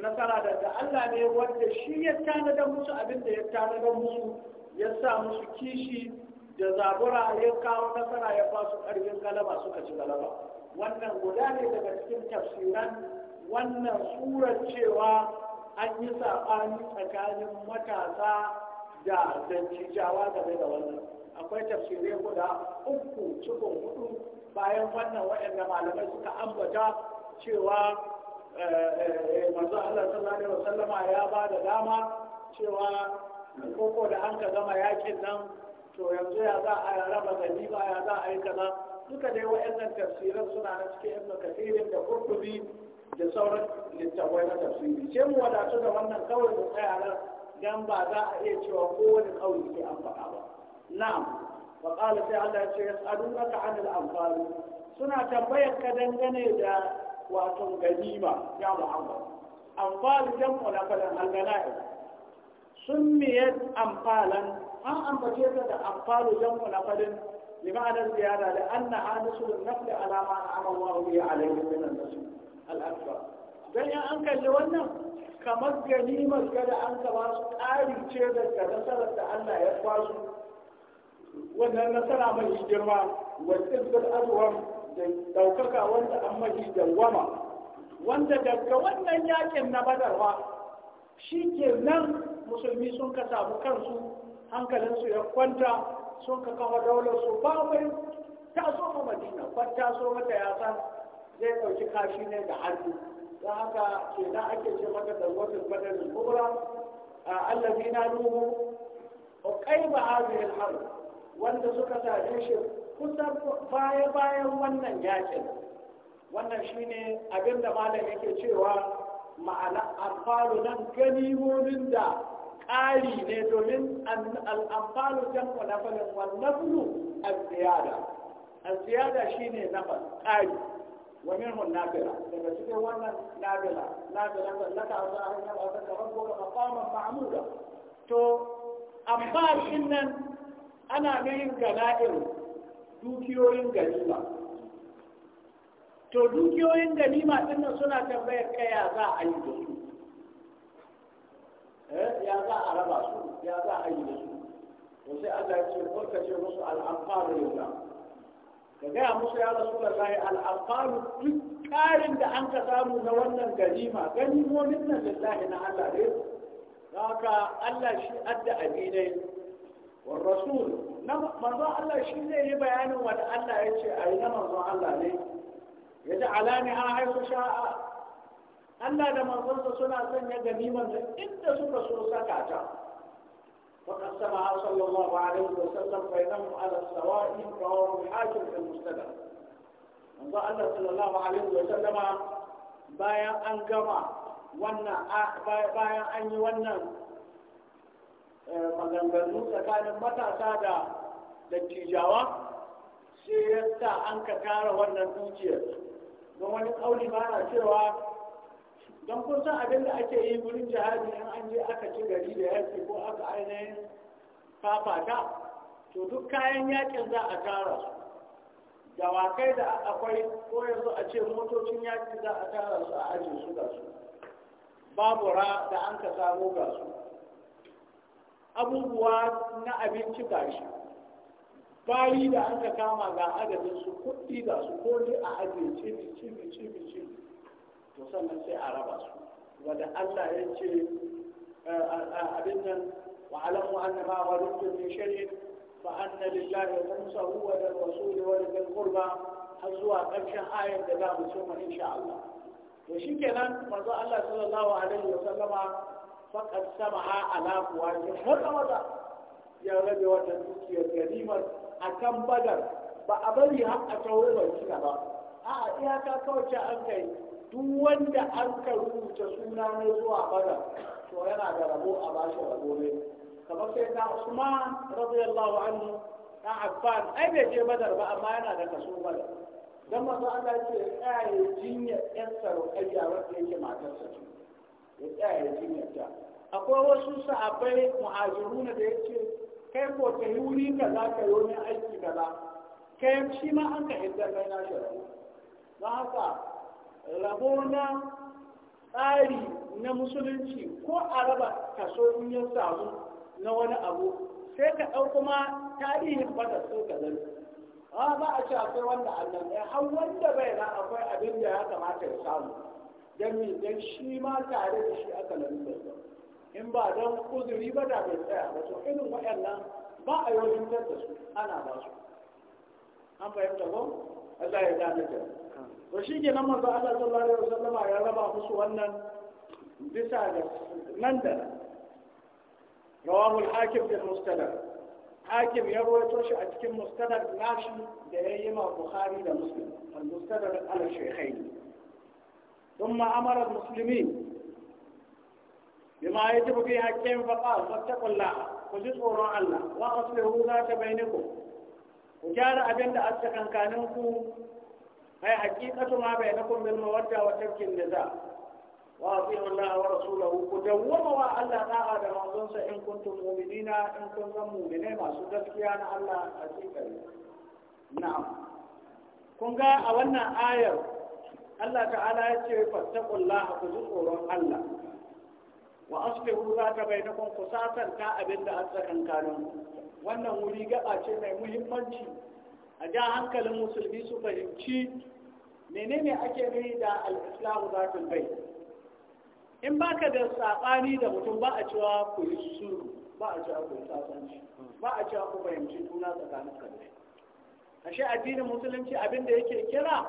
nasara da ta Allah ne wanda shi ya tanada musu abin da ya tanada musu ya sa musu kishi da zabura ya kawo nasara ya ba su karfin galaba suka ci galaba wannan guda ne daga cikin tafsiran wannan surar cewa an yi saɓani tsakanin matasa da dancijawa game da wannan akwai tafsirai guda uku cikin hudu bayan wannan waɗanda malamai suka ambata cewa eh, eh, manzo Allah sallallahu ya ba da dama cewa koko da an ka gama yakin nan to yanzu ya za a raba ganima ya za a yi kaza duka dai wa'annan tafsiran suna na cikin ibn kathirin da qurtubi da sauran littafai na tafsiri ce mu wadatu da wannan kawai mu tsaya dan ba za a iya cewa kowane kauli ke an faɗa ba na'am wa qala sai Allah ya ce yas'alunaka 'anil anfal suna tambayar ka dangane da wato ganima ya Muhammad anfal jam'u na falan al-ganaim sun miyar anfalan an ambace ta da amfalu jamu na fadin limanar ziyara da an na hadisul nafli alama na amallahu bihi a min an da su, akbar Don ya an kalli wannan kamar gani ga da an gaba su ƙari ce daga nasarar da Allah ya kwasu wannan nasara mai girma wa tsibbil azwar da ɗaukaka wanda an mahi dawwama wanda daga wannan yakin na badarwa shi ke nan musulmi sun ka samu kansu hankalinsu ya kwanta sun ka kama daularsu ba mai taso ma madina kwanta, taso mata ya san zai ɗauki kashi ne da hannu don haka ke na ake ce maka da wata badar kubra allazi na nuhu o kai ba haru wanda suka same shi kusan baya bayan wannan yakin wannan shine abinda malam yake cewa ma'ana alfalu nan ganimomin da ƙari ne domin al'amfalu jan kwanafalin wannablu a ziyada a ziyada shi ne nafal ƙari wani hun nabila daga cikin wannan nabila nabila tsallaka a sa'ar na ba ta kamar ko kama kwamar ma'amuda to amma shi nan ana nuhin gana'ir dukiyoyin ganima to dukiyoyin ganima ɗin suna tambayar kaya za a yi da su Eh, ya za a raba su ya za a yi da su to sai Allah ya ce kurka ce musu al'amfaru lillah ka gaya musu ya rasu da lahi al'amfaru duk ƙarin da an ka samu na wannan ganima ganimomin nan lillahi na Allah ne haka Allah shi adda abinai wa rasul na manzon Allah shi zai yi bayanin wanda Allah ya ce a yi na manzon Allah ne ya ji alani a haifu sha'a Allah da manzonsa suna sanya ganimar da inda suka so saka ta وقسمها صلى الله عليه وسلم بينهم على السواء رواه الحاكم في المستدرك من الله صلى الله wa Sallama bayan an gama wannan bayan an yi wannan eh, maganganu tsakanin matasa da dattijawa sai ya sa an ka kara wannan dukiyar don wani kauli ba na cewa don kun san abin da ake yi wurin jihadi in an je aka ci gari da yaki ko aka ainihin fafata to duk kayan yakin za a tara su dawakai da akwai ko yanzu a ce motocin yaki za a tara su a aji su ga su babura da an ka samu ga su abubuwa na abinci ga shi bayi da an ka kama ga adadin su kuɗi ga su ko ne a ajiye cibi cibi cibi cibi to sai a raba su wanda Allah ya ce eh, abin nan wa alamu anna ma wadatun min shari'in fa anna lillahi khumsahu wa lil rasul wa lil qurba har zuwa ƙarshen ayar da za mu soma insha Allah to shikenan manzo Allah sallallahu alaihi wa sallama faqad sama'a ala kuwaji har maza ya rabe wannan dukiyar ganimar akan badar ba a bari har a tawo ba ba a'a iyaka kawai an kai duk wanda an ka rubuta suna ne zuwa bada to yana da rabo a bashi rabo ne kamar sai na usman radiyallahu anhu na affan ai bai je badar ba amma yana da kaso bada dan manzo Allah ce tsaye jinyar yan sarauƙayya wanda yake matarsa ce ya ya jinyar ta akwai wasu sahabbai muhajiruna da yake kai ko ta yi wuri kaza ka yi aiki kaza kai shi ma an ka hiddar kai na shi don haka rabo na tsari na musulunci ko a raba kaso in ya samu na wani abu sai ka ɗau ma tarihin bada so ka zai a ba a ce akwai wanda annan ɗaya har wanda bai na akwai abin da ya kamata ya samu don mi don shi ma tare da shi aka lalata in ba don kuzuri ba da bai tsaya ba to irin waɗannan ba a yi wajen da su ana ba su an fahimta ko Allah ya gane da to shi ke nan manzo Allah sallallahu alaihi wasallama ya raba musu wannan bisa da nan da rawahul hakim da mustadrak hakim ya rawaito shi a cikin mustadrak nashi da ya yi ma bukhari da muslim al mustadrak ala shaykhain ثم امر المسلمين بما يجب في حقهم فقال فاتقوا الله وجزءوا الله واصلحوا ذات بينكم وجار ابن da a tsakankaninku أي حقيقة ما بينكم بالمودة وترك النزاع وأطيعوا الله ورسوله ودوموا على a رمضان إن كنتم مؤمنين إن كنتم مؤمنين ما سدت أنا الله حقيقة نعم كونغا أولنا آية الله تعالى يتشف فاتقوا الله فزقوا الله وأصلحوا ذات بينكم قصاصا كأبن أتسكن كانوا wannan wuri gaba ce mai muhimmanci a ja hankalin musulmi su fahimci menene ake gani da al-islamu zatul bai in baka da sabani da mutum ba a cewa ku yi suru ba a cewa ku yi sasanci ba a cewa ku fahimci juna tsakanin ka ashe addinin musulunci abin da yake kira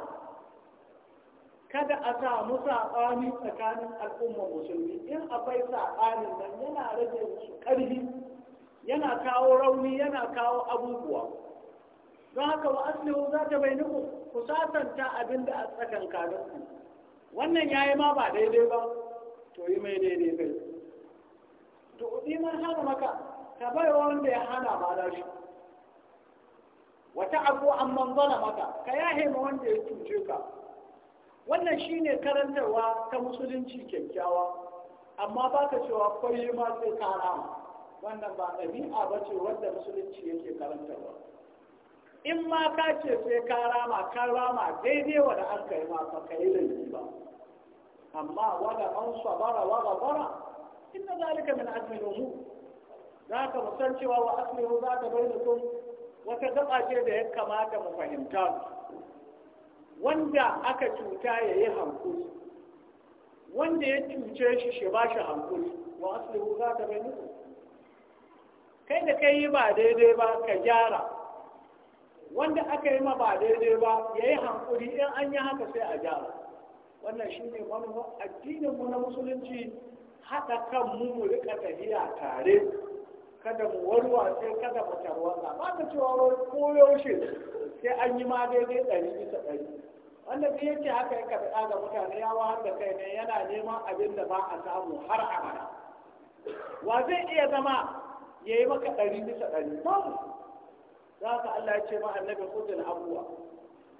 kada a samu saɓani tsakanin al'umma musulmi in akwai saɓanin nan yana rage musu ƙarfi yana kawo rauni yana kawo abubuwa don haka wa aslihu za ta bai ku ku sasanta abin da a tsakankanin ku wannan yayi ma ba daidai ba to yi mai daidai bai to kuɗi man hana maka ka bai wanda ya hana ba da shi wata abu an manzana maka ka yahe ma wanda ya cuce ka wannan shine karantarwa ta musulunci kyakkyawa amma ba ka cewa kwai ma sai ka wannan ba ɗabi'a ba ce wanda musulunci yake karantarwa in ma ka ce sai ka rama ka rama daidai wa da aka yi ma ka yi laifi ba amma wada an sabara wada bara inna zalika min azmi al-umur za ka musan cewa wa aslihu za ka bai mutum wata gaba ce da ya kamata mu fahimta wanda aka cuta ya yi hankuli wanda ya cuce shi shi ba shi hankuli wa aslihu za ka bai mutum kai da kai yi ba daidai ba ka gyara wanda aka yi ma ba daidai ba ya yi hankuri in an yi haka sai a ja wannan shi ne addinin mu na musulunci haɗa kan mu mu rika tafiya tare kada mu warwa sai kada mu tarwatsa ba ka cewa wani koyaushe sai an yi ma daidai ɗari bisa ɗari wanda zai yake haka ya karɓa ga mutane ya wahar da kai ne yana neman abin da ba a samu har abada wa zai iya zama ya yi maka ɗari bisa ɗari za ka Allah ya ce ma annabi kudin abuwa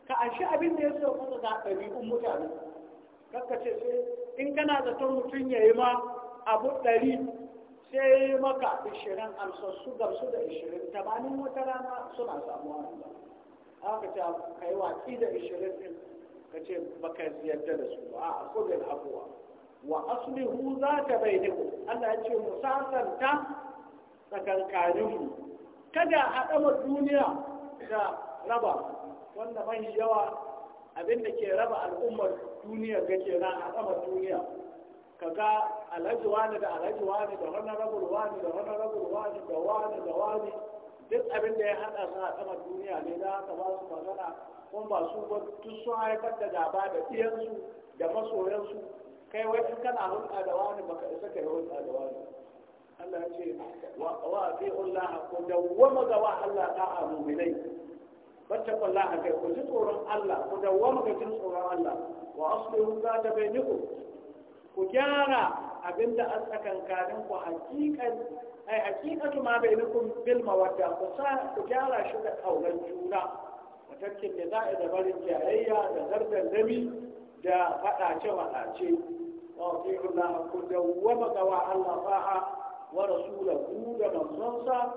ka ashi abin da ya so kuma ga ɗabi'un mutane kakka ce sai in kana da tun ya yi ma abu ɗari sai maka ishirin amsassu gamsu da ishirin tamanin wata rana suna samuwa nan ba haka ce ka yi watsi da ishirin ɗin ka ce baka ziyarta da su ba a kudin abuwa wa aslihu za ta bai Allah ya ce musasanta tsakankaninmu kada a ɗama duniya da raba wanda mai yawa abin da ke raba al'ummar duniya ga ke na a ɗama duniya ka ga alhaji wani da alhaji wani da wani rabul wani da wani rabul wani da wani da wani duk abin da ya haɗa su a ɗama duniya ne za ka ba su magana kuma ba su ba duk sun haifar da gaba da ɗiyansu da masoyansu kai wai in kana hulɗa da wani baka isa kai hulɗa da wani Allah ya ce wa ati'u Allah ku dawwama gawa Allah ta ta'a mu'minai fattaqu Allah kai ku ji tsoron Allah ku dawwama ga jin tsoron Allah wa aslihu zata bainakum ku gyara abinda an tsakankanin ku hakikan ai hakikatu ma bainakum bil mawadda ku sa ku gyara shi da kaunar juna matakin da za'i da barin jayayya da zardan dami da faɗace-faɗace wa ati'u Allah ku dawwama gawa Allah ta'a wa rasulahu da manzonsa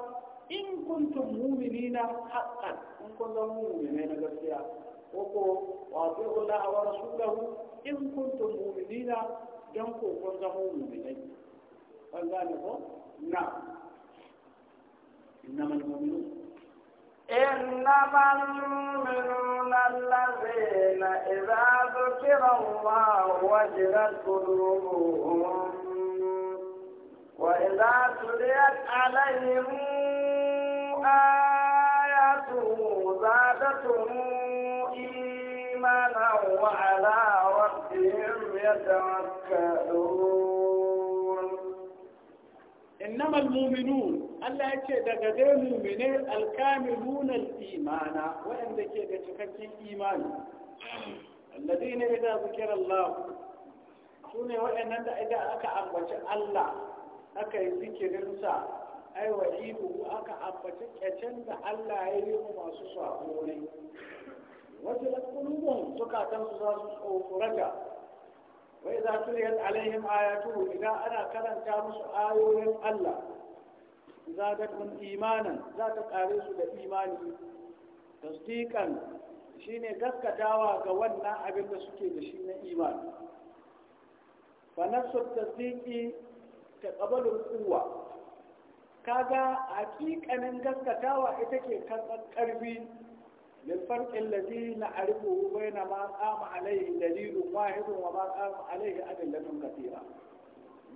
in kuntum mu'minina haqqan in kun zama mu'minai na gaskiya ko ko wa Allah wa rasulahu in kuntum mu'minina dan ko kun zama mu'minai an gane ko na innamal mu'minun إنما المؤمنون الذين إذا ذكر الله وجلت قلوبهم وإذا تليت عليهم آياته زادتهم إيمانا وعلى ربهم يتوكلون إنما المؤمنون الله يجد غير المؤمنين الكاملون الإيمان وإن ذكيت تكتل الإيمان الذين إذا ذكر الله هنا وإن أنت إذا أكأم وجه الله aka yi zikirinsa ai wa aka ambaci kyacen da Allah ya yi mu masu sabo ne wajen kulubun zukatan su za su tsoforata wa idza tuliyat alaihim ayatu idan ana karanta musu ayoyin Allah kun imanan za ta kare su da imani tasdiqan shine gaskatawa ga wannan abin da suke da shi na imani fa nafsu tasdiqi ta ƙabalin kuwa kaga hakikanin gaskatawa ita ke kasar ƙarfi للفرق الذي نعرفه بين ما قام عليه دليل واحد وما قام da أدلة كثيرة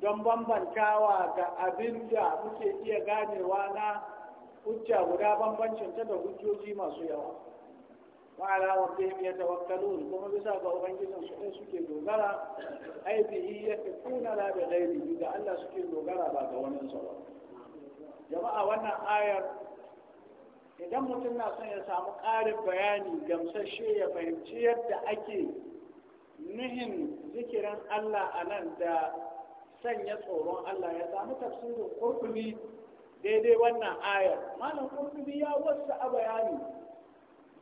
don bambantawa ga abin da muke iya ganewa na hujja guda bambancinta da hujjoji masu yawa wa ala rabbihim yatawakkalun kuma bisa ga ubangijin su dai suke dogara ai bihi yakuna la bi ghairihi da Allah suke dogara ba ga wani sa ba jama'a wannan ayar idan mutum na son ya samu ƙarin bayani gamsashe ya fahimci yadda ake nuhin zikirin Allah a nan da sanya tsoron Allah ya sami tafsi tafsirin kurkumi daidai wannan ayar malam kurkumi ya wasu a bayani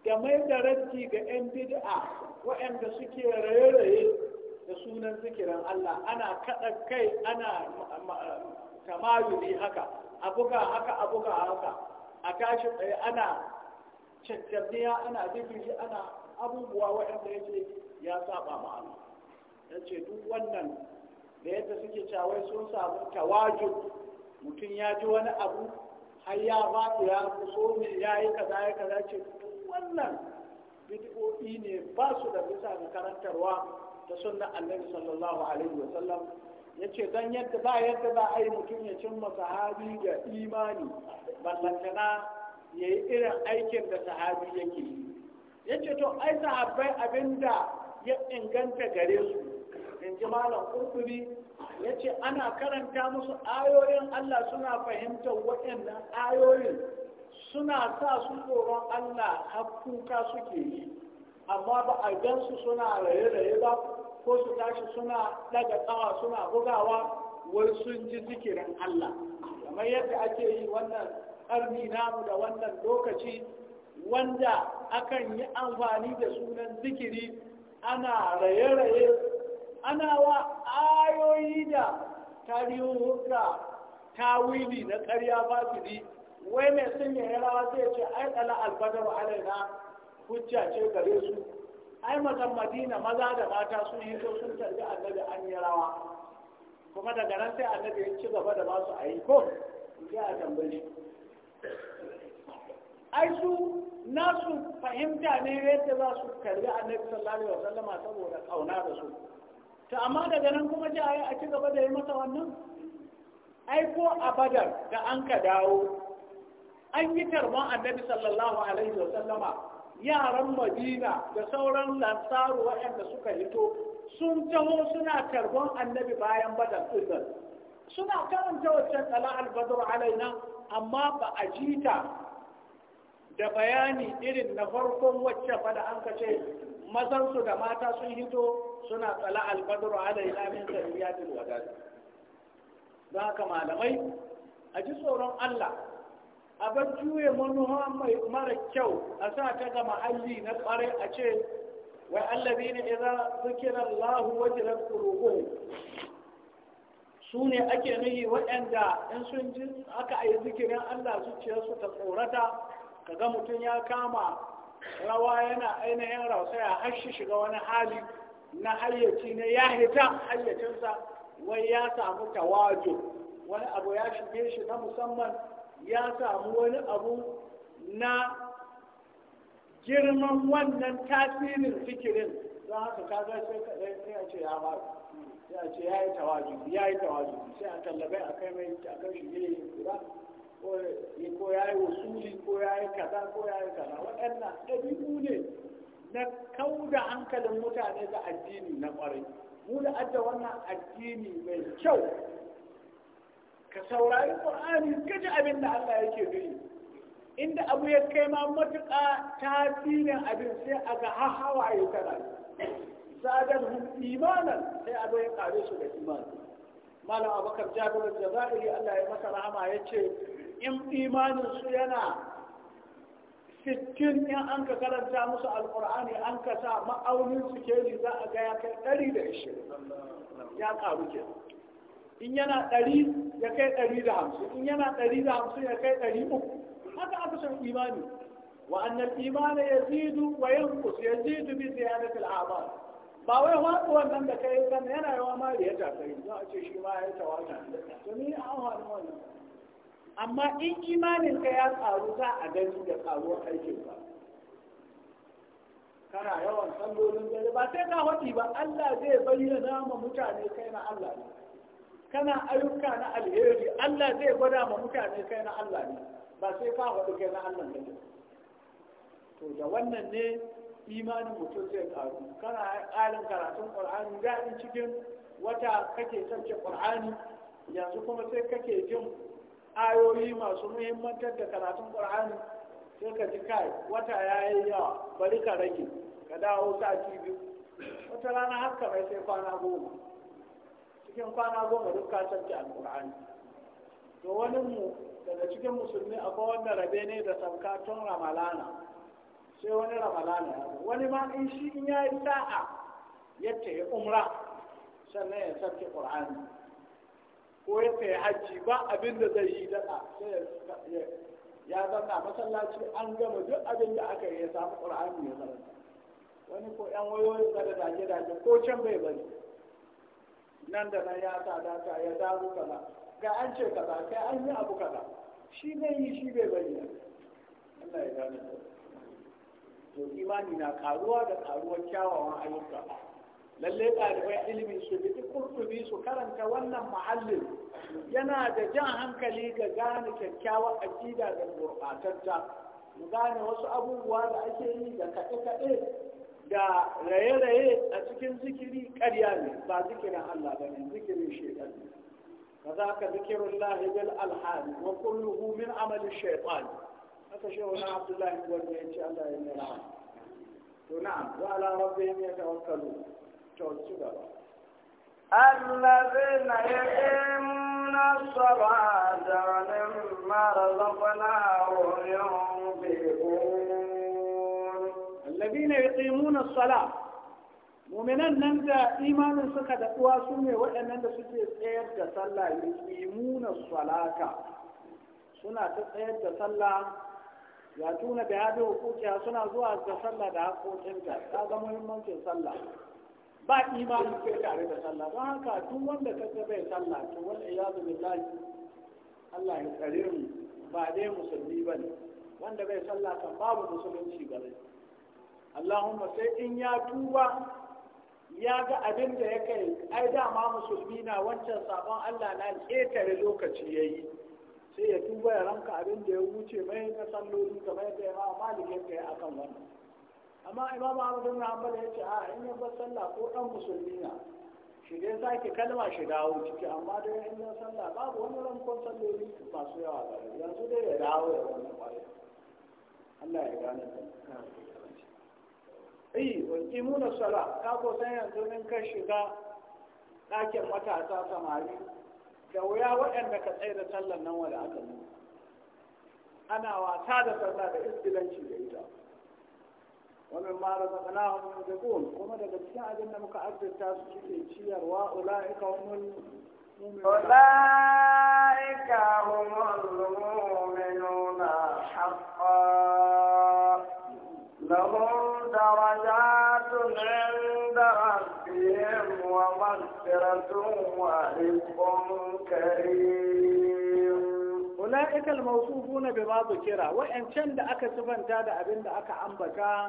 da mai da raddi ga 'yan bid'a waɗanda suke raye-raye da sunan zikirin Allah ana kaɗa kai ana tamayuli haka abuka haka abuka haka a tashi tsaye ana cancanniya ana zikiri ana abubuwa waɗanda yake ya saba ma Allah ya ce duk wannan da yadda suke cawai sun samu tawajud mutum ya ji wani abu har ya ba ya so ne ya yi kaza ya kaza ce Wannan bid'o'i ne ba su da bisa ga karantarwa ta sunna annabi sallallahu alaihi wa sallam yace dan yadda ba yadda ba ai mutum ya cimma sahabi ga imani ballantana yayi irin aikin da sahabi yake yi yace to ai sahabbai abinda ya inganta gare su in ji malam kurkuri ce ana karanta musu ayoyin Allah suna fahimtar waɗannan ayoyin suna sa su tsoron Allah har kuka suke yi amma ba a gan su suna raye-raye ba ko su tashi suna daga tsawa suna bugawa wai sun ji zikirin Allah kamar yadda ake yi wannan ƙarni namu da wannan lokaci wanda akan yi amfani da sunan zikiri ana raye-raye ana wa ayoyi da tarihin hukka tawili na ƙarya fasiri wai mai sun yi rawa zai ce ai tsala alfadar alaina hujja ce gare su ai mazan madina maza da mata sun hito sun tarbi annabi an yi rawa kuma daga nan sai annabi ya ci gaba da masu a yi ko ya a tambaye ai su nasu fahimta ne yadda za su karbi annabi sallallahu alaihi wasallam saboda kauna da su to amma daga nan kuma ji a yi a ci gaba da yi masa wannan ai ko a badar da an ka dawo an yi karban annabi sallallahu alaihi wa sallama yaran madina da sauran lansaru waɗanda suka hito sun taho suna karban annabi bayan badar ɗin suna karanta waccan tsala albadar alaina amma ba a jita da bayani irin na farkon wacce fada an kace mazansu da mata sun hito suna tsala albadar alaina min sarriyatul wadad don haka malamai a ji tsoron Allah a bar juye manuwa mai mara kyau a sa ta ga mahalli na kwarai a ce wai allabi ne idza zikira Allah wajen qulubuhum su ne ake nuhi waɗanda in sun ji aka yi zikirin Allah su ta tsorata ga mutum ya kama rawa yana ainihin rausa ya shi shiga wani hali na hayyaci ne ya hita hayyacinsa wai ya samu tawajo wani abu ya shige shi na musamman ya samu wani abu na girman wannan tasirin fikirin don haka ka ga sai a ce ya ba sai a ce ya yi tawaju ya yi tawaju sai a tallabe a kai mai a kan shi ne kura ko ya yi wasuli ko ya yi kaza ko ya yi kaza waɗannan ɗabi'u ne na kauda hankalin mutane ga addini na ƙwarai mu da adda wannan addini mai kyau ka saurari ƙur'ani ka ji abin da Allah yake nufi inda abu ya kai ma matuƙa tasirin abin sai a ga hawa ya tara zadar hun imanan sai a ya ƙare su da imani malam abakar jabir jazairi Allah ya masa rahama ya ce in imanin su yana sittin in an ka karanta musu alƙur'ani an ka sa ma'aunin sikeli za a ga ya kai ɗari da ishirin ya ƙaru ke in yana ɗari ya kai ɗari da hamsin in yana ɗari da hamsin ya kai ɗari uku haka aka san imani wa annal imani ya zidu wa yankus ya zidu bi ziyadati al'amal ba wai wato wannan da kai san yana yawa ma da ya tafi za a ce shi ma ya tawata to ni an wani wannan amma in imanin ka ya karu za a gani da karuwar aikin ka kana yawan sallolin dare ba sai ka haɗi ba Allah zai bayyana ma mutane kai na Allah ne kana ayyuka na alheri Allah zai gwada ma mutane kai na Allah ne ba sai ka faɗi kai na Allah ne to da wannan ne imanin mutum zai karu kana ƙarin karatun Qur'ani da cikin wata kake sauke Qur'ani yanzu kuma sai kake jin ayoyi masu muhimmantar da karatun Qur'ani sai ka ji kai wata yayi yawa bari ka rage ka dawo sati biyu wata rana har ka mai sai kwana goma cikin kwana goma duk ka sauke alkur'ani to wani mu daga cikin musulmi akwai wanda rabe ne da sauka tun ramalana sai wani ramalana wani ma in shi in ya yi sa'a ya umra sannan ya sarki qur'ani ko ya hajji ba abin da zai yi daɗa sai ya zanna masallaci an gama duk abin da aka yi ya samu qur'ani ya karanta wani ko yan wayoyin da daje da ko can bai bari nan da nan ya sa ya dawo kaza ga an ce kaza sai an yi abu kaza shi zai yi shi bai bayyana Allah ya gane to imani na karuwa da karuwar kyawawan ayyuka lalle ɗalibai ilimin su bi kurtubi su karanta wannan mahallin yana da jan hankali ga gane kyakkyawar akida da gurɓatatta mu gane wasu abubuwa da ake yi da kaɗe-kaɗe da raye-raye a cikin zikiri ƙarya ne ba zikirin Allah ba ne zikirin shaitan Ba za ka zikirin lahibin alhali wa kulluhu min amalin shaitan haka shi wani abdullahi wanda ya ce Allah ya yi rahama to na'am wa ala rabbihim yatawakkalu to ci gaba الذين يقيمون الصلاة ومما رزقناهم ينفقون والذين muminan nan da imanin suka daɗuwa sune waɗannan da suke tsayar da sallah yuqimuna salata suna ta tsayar da sallah ya tuna da hadu hukukiya suna zuwa ga sallah da hakokinta ta ga muhimmancin sallah ba imani sai tare da sallah don haka duk wanda ka ga bai sallah to wal iyadu billahi Allah ya tsare ba dai musulmi bane wanda bai sallah kan babu musulunci gare shi Allahumma sai in ya tuba ya ga abin da ya kai ai dama musulmi na wancan sabon Allah na ƙetare lokaci ya yi sai ya tuba ya ranka abin da ya wuce mai na salloli kamar yadda ya ma malikin kai ya akan wannan amma imam Ahmad ibn Hanbal ya ce a in ya bar sallah ko dan musulmi na shi dai sake kalma shi dawo ciki amma dai in ya sallah babu wani rankon salloli masu yawa ba yanzu dai ya dawo ya wannan kwarai Allah ya gane ta yi wani muna sara kusan yanzu min ka shiga ɗakin matasa samari da wuya waɗanda ka tsaye da tallan nan wanda aka nuna ana wasa da sallah da isbilanci da ita wani mara zaɓana wani da kuma daga cikin abin da muka arzita su suke ciyarwa ula'ika wani mun هم المؤمنون حقا لهم درجات عند ربهم ومغفرة ورزق كريم أولئك الموصوفون بما ذكر وإن كان أكا سفنتا دا أبين أكا أنبكا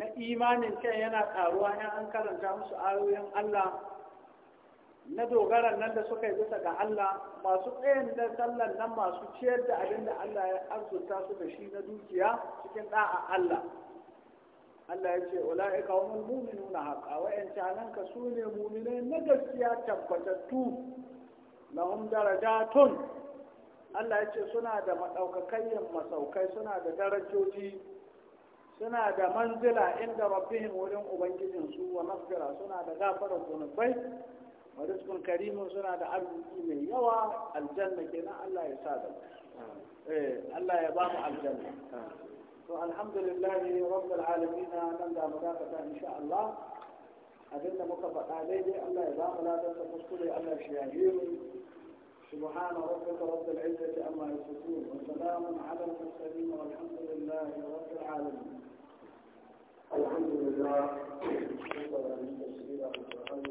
na imanin can yana ƙaruwa in an karanta musu ayoyin Allah na dogaran nan da suka yi bisa ga Allah masu tsayin da sallan nan masu ciyar da abin da Allah ya arzuta su da shi na dukiya cikin da'a Allah Allah ya ce ula'ika humul mu'minuna haqa wa'annan ka ne mu'minai na gaskiya tabbatattu lahum tun. Allah ya ce suna da maɗaukakayyan masaukai suna da darajoji suna da manzila inda rabbihim wurin ubangijinsu wa mafgira suna da gafarar zunubai ورزق كريم سنة عبد من يوى الجنة كنا الله يسادك إيه، الله يبارك الجنة فالحمد آه. لله رب العالمين نلقى نعم، مدافة إن شاء الله أدلنا مكفأ عليه الله يبارك لا تتفصل تشكره الله شياجير سبحان ربك رب العزة أما يصفون وسلام على المرسلين والحمد لله رب العالمين الحمد لله